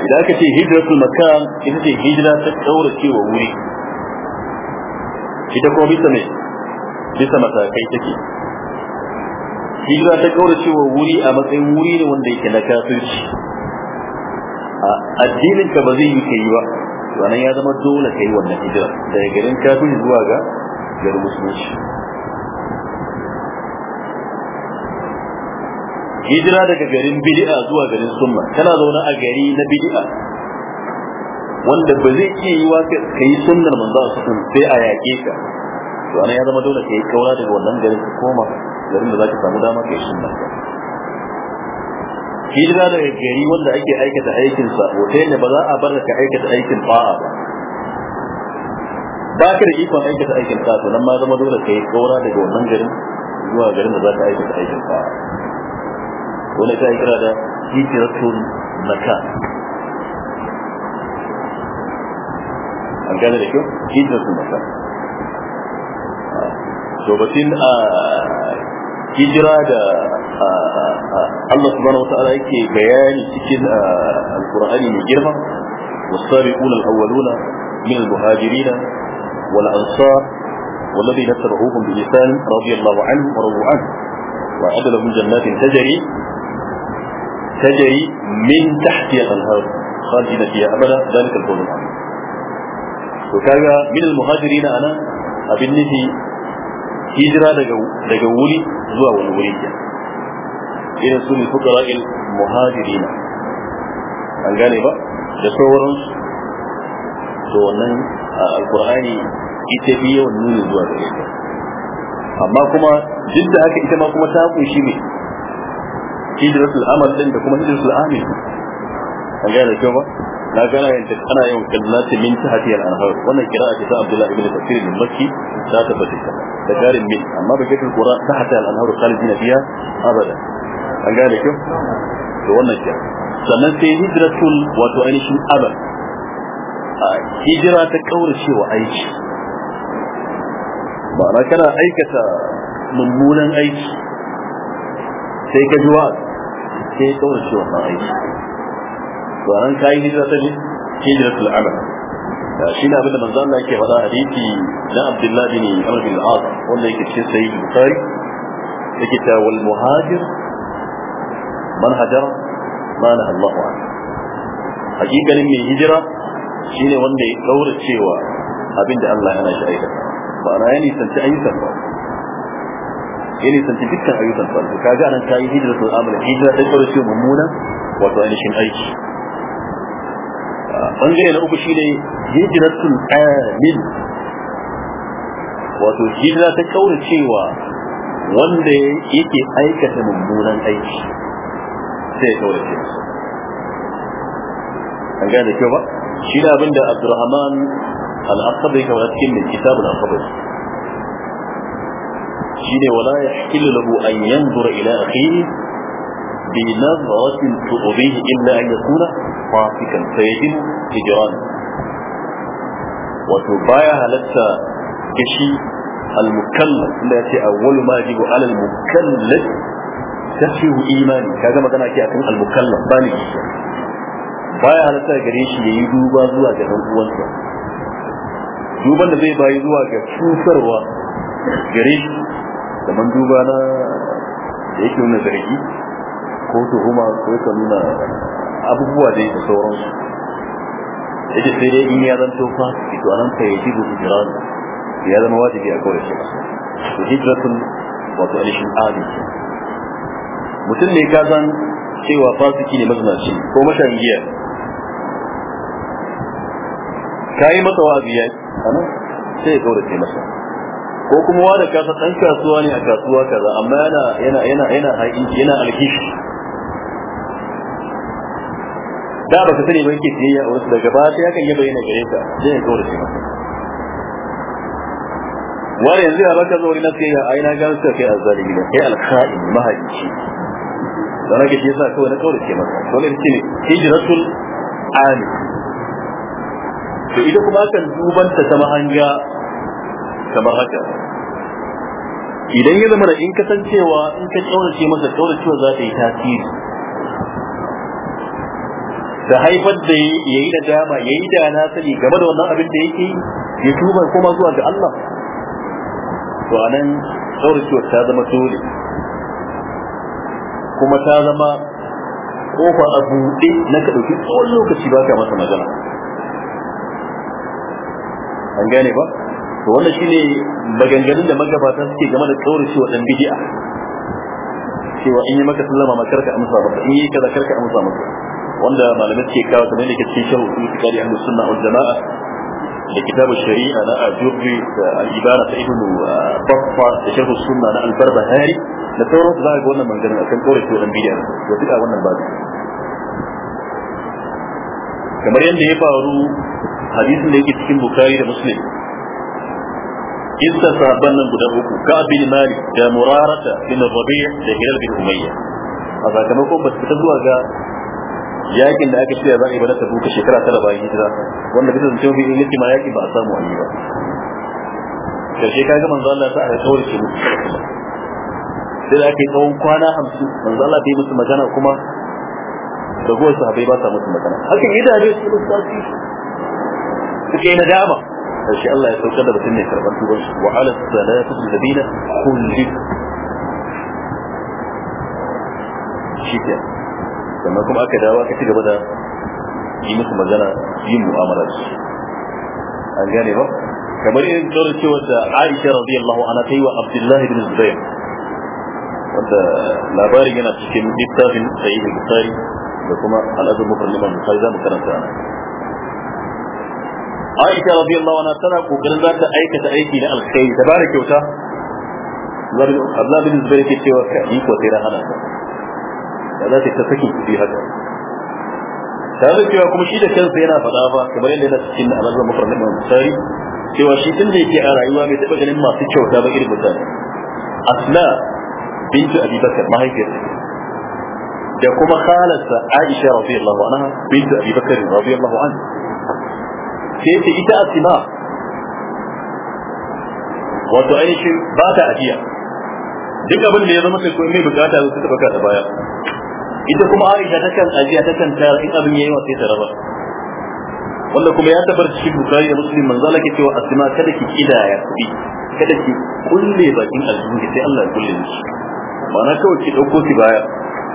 idan aka ce hijiratul makan ita ce hijira ta daura cewa wuri ita kuma bisa ne bisa matakai take hijira ta daura cewa wuri a matsayin wuri ne wanda yake na kafirci addinin ka ba zai yi kai ba to anan ya zama dole kai wannan hijira daga garin kafin zuwa ga garin musulunci hijira daga garin bid'a zuwa garin sunna kana zaune a gari na bid'a wanda ba zai iya yi wa kai sunnar manzo a cikin sai a yaƙe ka to anan ya zama dole kai kaura daga wannan garin ka koma garin da zaka samu dama kai sunnar ka hijira daga gari wanda ake aikata aikin sabo ta yadda ba za a bar ka aikata aikin ba'a ba ba ka da ikon aikata aikin sabo nan ma zama dole ka tsora daga wannan garin zuwa garin da za ka aikata aikin ba'a wani ta kira da hijiratun maka an gane da kyau hijiratun maka to batun a ah, hijira da Allah subhanahu wata'ala yake bayani cikin alqur'ani mai girma wasabiquna alawwaluna min almuhajirin wal ansar والذين اتبعوهم بإحسان رضي الله عنهم ورضوا عنه وأعد جنات تجري تجري من تحتها الأنهار خالدين فيها أبدا ذلك الفوز العظيم وكان من المهاجرين أنا أبنتي hijira daga daga wuri zuwa wani wuri irin su ne fukara il muhajirina an gane ba da su to wannan alqur'ani ita bi wannan nuni zuwa da ita amma kuma duk da haka ita ma kuma ta kunshi ne hijratul amal din da kuma hijratul amil an gane ba Na ka gana yanta ana yawan kallati min tahti al anhar wannan kira'a ta Abdullahi ibn Kathir bin Makki ta tabbata da garin min amma ba kitul qura tahti al anhar khalidina fiha abada an gane kin to wannan kira sannan sai hijratul wato ainihin abad hijira ta cewa aiki ba na kana aikata mummunan aiki sai ka ji wa sai kauracewa aiki to anan kai hijira ta ne hijratul amal shi ne abin da manzo Allah yake faɗa hadisi na Abdullah bin Amr bin Al-As wanda yake cikin Sahih Bukhari yake ta wal muhajir man hajara ma naha Allah an hakikanin mai hijira shine wanda ya daura cewa abin da Allah yana shi Ba na ya nisanci ayyukan ba ya nisanci dukkan ayyukan ba kaga nan ta yi hijira to amala hijira ta daura cewa mummuna wato ainihin aiki bangare na uku shi shine hijratul amil wato hijira ta kaura cewa wanda yake aikata mummunan aiki sai ya kaura cewa an gane kyau ba shi da abinda abdurrahman al-asabri kamar cikin min kitabul Shi ne wala yahillu lahu an yanzura ila akhihi بنظرة تؤذيه إلا أن يكون فاسقا فيجب هجرانه وتبايع هلتا كشي المكلف التي أول ما يجب على المكلف تسفيه إيماني كذا ما كان أكون المكلف بالغ baya halatta gare shi ya yi duba zuwa ga ɗan uwansa duban da zai bayi zuwa ga cutarwa gare shi kamar duba na da yake nuna zargi ko tuhuma ko ya nuna abubuwa dai da sauransu ya ce sai dai in ya zanto fa to anan ka yaji da jiran ya zama wajibi a kawai shi to hijratun wato alishin adi. mutum ne ka san cewa fasiki ne mazinaci ko mashangiya giya ka yi masa wazi anan sai ya kaurace masa ko kuma wanda ka san dan kasuwa ne a kasuwa kaza amma yana yana yana yana yana alkishi da ba ka sani ba yake tiyayya a wasu daga baya ya kan yi bayyana gare ka zai ya shi maka wani yanzu ya baka zauri na tiyayya a ina gan suka kai azzalimi ne kai alkha'in mahaji dan haka shi yasa kawai na kaurace maka ne shi ne hijratul ani to idan kuma kan duban ta mahanga kamar haka idan ya zama da in kasancewa in ka kaurace masa kauracewa za ta yi tasiri da haifar da ya yi da dama yayi da na sani game da wannan abin da yake ya tuba kuma zuwa ga Allah to anan sauraciwar ta zama dole kuma ta zama kofa a buɗe na ka ɗauki tsawon lokaci ba ka masa magana an gane ba to wannan shine maganganun da magabata suke game da kaurace wa dan bid'a cewa in yi maka sallama ma karka amsa masa in yi kaza karka amsa masa wanda malamai suke kawo kamar yadda ke cikin shehu usul fikari ahlus sunna wal jama'a da kitabu shari'a na ajurri da al-ibara ta ibnu tafa da shehu sunna na al-barbahari da sauran su za ga wannan magana akan kore ko dan bidiyar da duka wannan ba kamar yadda ya faru hadisin da yake cikin bukari da muslim kissa sahabban nan guda uku ka bin malik da murarata bin rabi' da hilal bin umayya a sakamakon ba su fita zuwa ga yakin da aka shirya za a yi ba na tabuka shekara tara bayan hijira wanda bisa zance mafi inganci ma yakin ba a samu a yi ba karshe kaga manzo Allah ta a tsawar ki sai da ake tsawon kwana hamsin manzo Allah bai musu magana kuma da gowa sahabbai ba sa musu magana hakan yi da ne su lissafi suke na dama karshe Allah ya saukar da batun ne karɓar tuban su wa ala salatu zabina kulli shi kenan sannan kuma aka dawa aka ci gaba da yi musu magana yin mu'amala da su an gane ba kamar yin tsoron cewa da aisha radiyallahu ana ta yi wa abdullahi bin zubair wanda labarin yana cikin littafin sayyid bukhari da kuma al'adun mufarnin man bukhari za mu karanta ana aisha radiyallahu anha tana kokarin za ta aikata aiki na alkhairi ta bada kyauta Abdullahi bin Zubair ke cewa ka yi ko sai hana ka. da za ta saki kuɗi haka tare cewa kuma shi da kansa yana faɗa ba kamar yadda yana cikin al'azar mafarar nan misali cewa shi tun da yake a rayuwa mai taɓa ganin masu kyauta ba irin mutane asna bintu abi bakar mahaifiyarsa da kuma khalarsa aisha radiyallahu anha bintu abi bakar radiyallahu anha sai ta ita asma wato ainihin ba ta ajiya duk abin da ya zama kai ko mai bukata su ta baka da baya ita kuma aisha ta kan ajiya ta kan tayar in abin yayi sai ta raba wanda kuma ya tabar cikin bukari da muslim manzo Allah ke cewa asma kada ki kidaya kudi kada ki kulle bakin aljinki sai Allah ya kulle ki ma'ana kawai ki dauko ki baya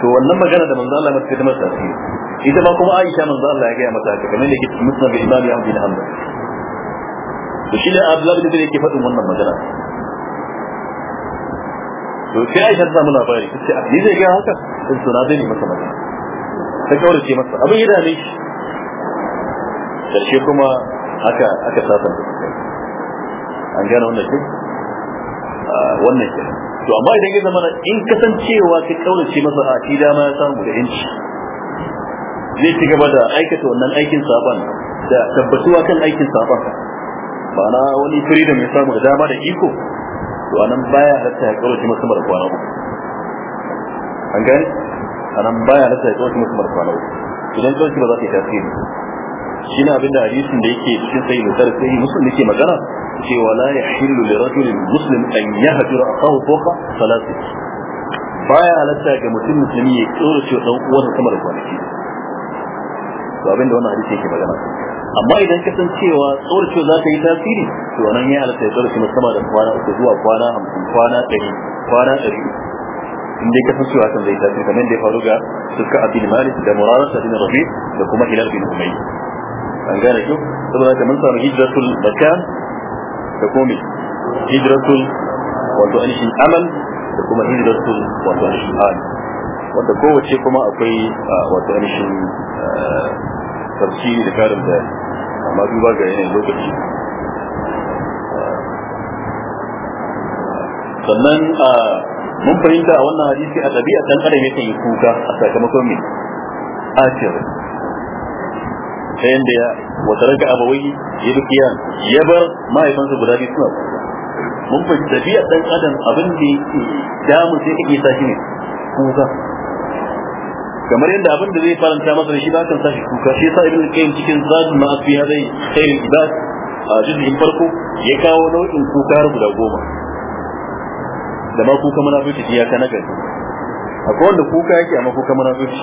to wannan magana da manzo Allah ya masa masa ita ba kuma Aisha manzo Allah ya ga mata haka kamar da kike musnad Imam Ahmad bin Hanbal to shi ne Abdullah bin Zubair yake faɗin wannan magana to sai Aisha ta samu labari ta ce abin ah, zai ga haka sai suna zai ne masa magana ta kaurace masa abin ya dame shi karshe kuma haka aka sasanta an gane wannan shi ah, wannan shi to amma idan ya zama in kasancewa ka kaurace masa a shi dama ya samu da inci. zai ci gaba da aikata wannan aikin saban da tabbatuwa kan aikin saban ba na wani freedom ya samu da dama da iko to anan baya halatta ya kaurace masa mara kwana uku an gani anan baya halatta ya kaurace masa mara kwana uku idan kaurace ba za ta yi tasiri shi ne abinda hadisin da yake cikin sai mutar sai musulmi ke magana cewa la yahillu li rajulin muslim an yahjura akahu fawqa salati baya halatta ga mutum musulmi ya kaurace dan uwansa sama da kwanaki to abinda wannan hadisi yake magana amma idan ka san cewa tsorci za ta yi tasiri to nan ya halatta ya tsorci sama da kwana uku zuwa kwana hamsin kwana ɗari kwana ɗari in dai ka san cewa hakan zai tasiri kamar da ya faru ga suka abdul malik da murara sa bin rabi da kuma hilal bin umay an gane ku. saboda haka mun samu hijratul makan da kuma hijratul wato anishin amal da kuma hijratul wato anishin hali wanda kowace kuma akwai ah, wato anishin eh, tafsiri da karin bayani amma duba ga yanayin lokaci sannan a mun fahimta a wannan hadisi a ɗabi'a ɗan adam yakan yi kuka a sakamakon mai ajiyar ta yadda ya wata raka abawai ya dukiya ya bar mahaifansa guda biyu suna kuka mun fahimta ɗabi'a ɗan adam abin da ke damu sai ke sa shi ne kuka kamar yadda abin da zai faranta masa da shi ba kan sashi kuka shi yasa ibn kayyim cikin zadul ma fi hadai sai ibad a juz'in farko ya kawo nau'in kuka har guda goma da ma kuka munafiki ya kana gari akwai wanda kuka yake amma kuka munafiki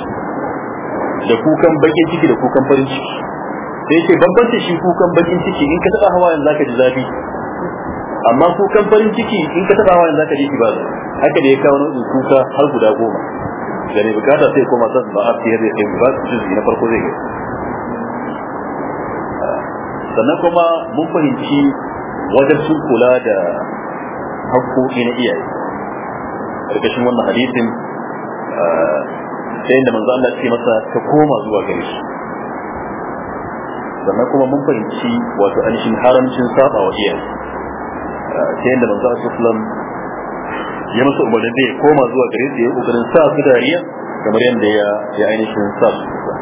da kukan bakin ciki da kukan farin ciki sai yake bambanta shi kukan bakin ciki in ka taba yanzu zaka ji zafi amma kukan farin ciki in ka taba yanzu zaka ji kibar haka da ya kawo nau'in kuka har guda goma gare bukata sai kuma san ba a fiye da ya ba su na farko zai yi sannan kuma mun fahimci wajen sun kula da hakkoki na iyaye ƙarƙashin wannan hadisin sai da manzo Allah ce masa ta koma zuwa gare shi sannan kuma mun fahimci wato alishin haramcin saba wa iyaye sai da manzo Allah sallallahu ya musu umarni da ya koma zuwa gare su ya kokarin sa su dariya kamar yadda ya ya ainihin sa su kusa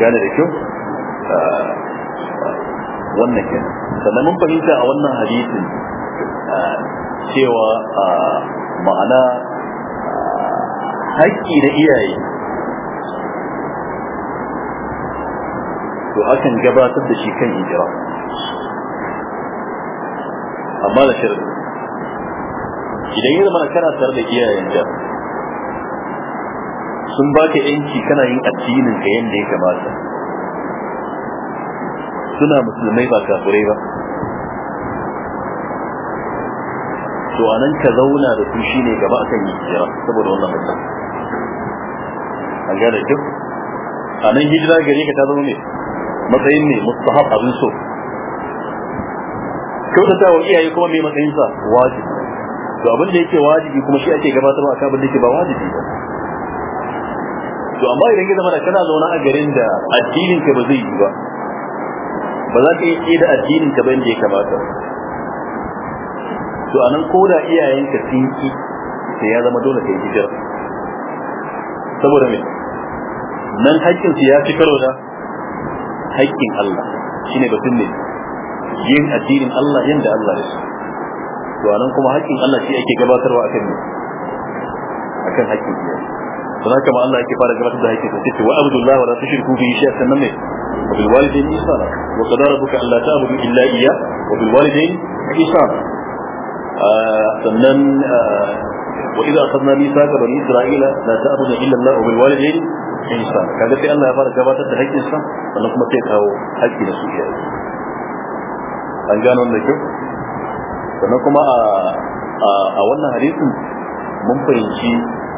gane da kyau wannan ke sannan mun fahimta a wannan hadisin cewa ma'ana haƙƙi da iyaye to akan gabatar da shi kan hijira amma da shirin idan yi mana kana tare da iyayen da sun baka yanki kana yin addinin ka yadda ya kamata suna musulmai ba kafirai ba to a nan ka zauna da su shi ne gaba akan yi kira saboda wannan mutum a gane duk a nan hijira gare ka ta zama ne matsayin ne mustahab abin so kyautatawa iyaye kuma mai matsayinsa wajibi to abin da yake wajibi kuma shi ake gabatarwa akan abin da yake ba wajibi ba to amma idan ka zama da kana zauna a garin da addinin ka ba zai yi ba ba za ka iya da addinin ka ba inda ya kamata to anan ko da iyayenka sun ki sai ya zama dole ka yi hijira saboda me nan haƙƙin su ya fi karo da haƙƙin Allah shine batun ne yin addinin Allah yanda Allah ya so to anan kuma hakkin Allah shi yake gabatarwa akan ne akan hakkin shi kuma kuma Allah yake fara gabatar da hakkin shi sai wa abdullahi wa la tushriku bihi shay'an sannan ne wa bil walidayni ihsana wa qadara rabbuka alla ta'budu illa iyya wa bil walidayni ihsana sannan وإذا أخذنا ميثاق بني إسرائيل لا تعبدون إلا الله وبالوالدين إحسانا كذا في الله يفعل جباتة هيك إنسان أنكم تيكاو an gano wannan لكم sannan kuma a wannan hadisin mun fahimci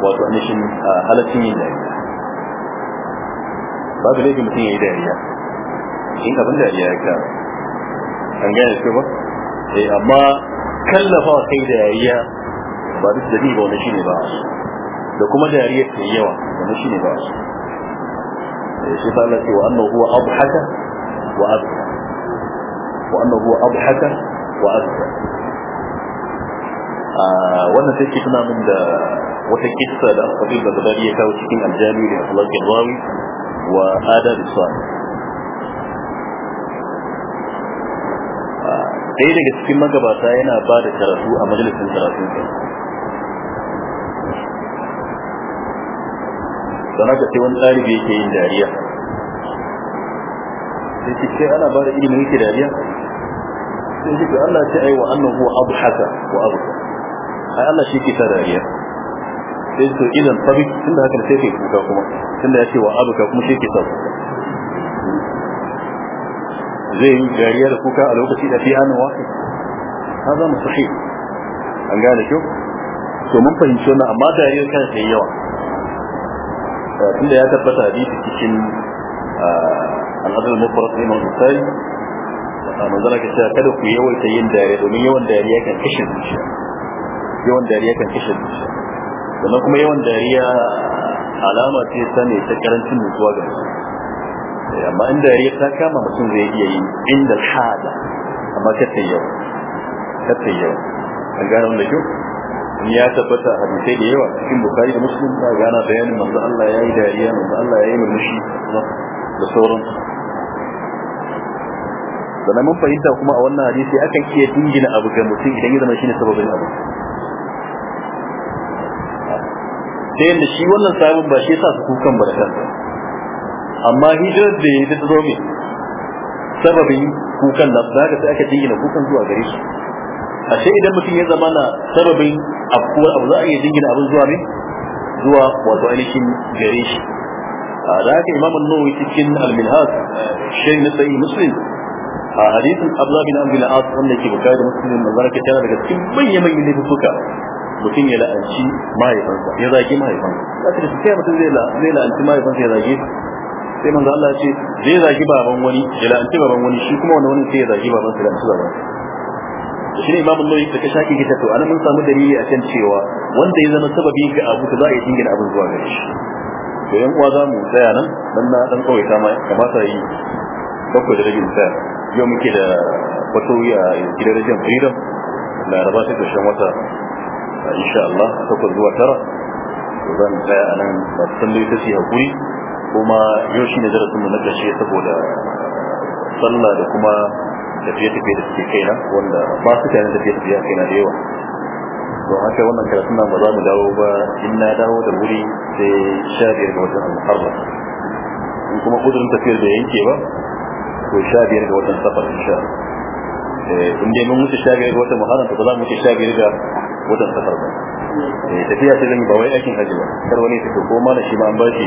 wato anishin halaccin yin dariya babu laifin mutum ya yi dariya in abin dariya ya kyara an gane su ba eh amma kallafa kai dariya ba duk da ba wani shine ba da kuma dariya ta yi yawa wani shine ba su eh, shi ta Allah cewa annahu huwa abhaka wa azka wa annahu huwa abhaka wa azka wannan sai ke tuna min da wata kissa da asfafil da gabari ya kawo cikin aljami da akhlaqin rawi wa adab sawab ɗaya daga cikin magabata yana ba da karatu a majalisar karatun sa sana ka sai wani ɗalibi yake yin dariya sai ce sai ana ba da ilimin yake dariya sai ce Allah ce ai wa annahu abu haka wa abu haka ai Allah shi ke sa dariya sai to idan sabi tunda haka sai kai kuka kuma tunda ya ce wa abuka kuma shi ke sa zai yi dariya da kuka a lokaci da fi hannun wasu haza mu sahi an gane kyau to mun fahimci wannan amma dariyar kan sai yawa tunda ya tabbata hadisi cikin al'adar mafarar imam musali a manzana ka cewa kada ku yawaita yin dariya domin yawan dariya kan kashe zuciya yawan dariya kan kashe zuciya sannan kuma yawan dariya alama ce ta ne ta karancin nutsuwa ga eh, amma in dariya ta kama mutum zai iya yi inda hada amma kata yawa kata yawa an gane wanda kyau in ya tabbata a hadisai da yawa cikin bukari da muslim ta gana bayanin manzo Allah ya yi dariya manzo Allah ya yi murmushi da sauran. sannan mun fahimta kuma a wannan hadisi akan iya dingina abu ga mutum idan ya zama shine sababin abu da yadda shi wannan sabon ba shi sa su kukan barkar amma hijirar da ya ta zo mai sababin kukan na za ka sai aka jingina kukan zuwa gare shi ashe idan mutum ya zama na sababin afkuwar abu za a iya jingina abin zuwa mai zuwa wato ainihin gare shi a da haka imam an-nawawi cikin al-minhaj shay na sahih muslim a hadisin abdullah bin abdul as wanda yake bukari da muslim manzara ke tana daga cikin manyan manyan suka mutum ya la'anci mahaifansa ya zagi mahaifansa ya ce su kai mutum zai la'anci mahaifansa ya zage sai manzo Allah ya ce zai zaki baban wani ya la'anci baban wani shi kuma wani wani sai ya zagi baban sa ya la'anci shi ne imamu nauyi da ka shaƙi gita to ana mun samu dalili a kan cewa wanda ya zama sababi ga abu ta za a yi jingina abin zuwa gare shi to yan uwa za mu tsaya nan dan na dan kawai ta ma kamata yi bakwai da rage tsaya yau muke da wato ya gidan rajin freedom rabata ta shan wata insha Allah takwas zuwa tara zan tsaya a nan ba san da ta ce hakuri kuma yau shi ne darasin mu na ƙarshe saboda sallah da kuma tafiye-tafiye da suke kaina wanda ba su kayan tafiye-tafiye a kaina da yawa don haka wannan karatu na ba za mu dawo ba in na dawo da wuri sai sha biyar ga watan muharram in kuma kudurin tafiyar da yanke ba to sha biyar ga watan safar insha eh, in dai mun mutu sha biyar ga watan muharram to ba za mu mutu sha biyar ga watan safar ba ne tafiya ta zan ba wai aikin haji ba kar wani take ko mana shi ba an ba shi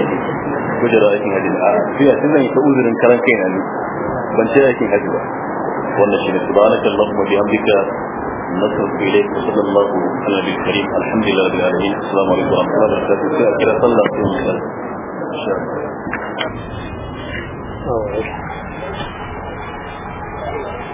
da aikin haji a tafiya ta zan ta uzurin karan kai na ban ce aikin haji ba wannan shi ne subhanakallahumma bihamdika نصرف إليك وصلى الله على النبي الكريم الحمد لله رب العالمين السلام عليكم ورحمة الله وبركاته كده صلى الله عليه وسلم إن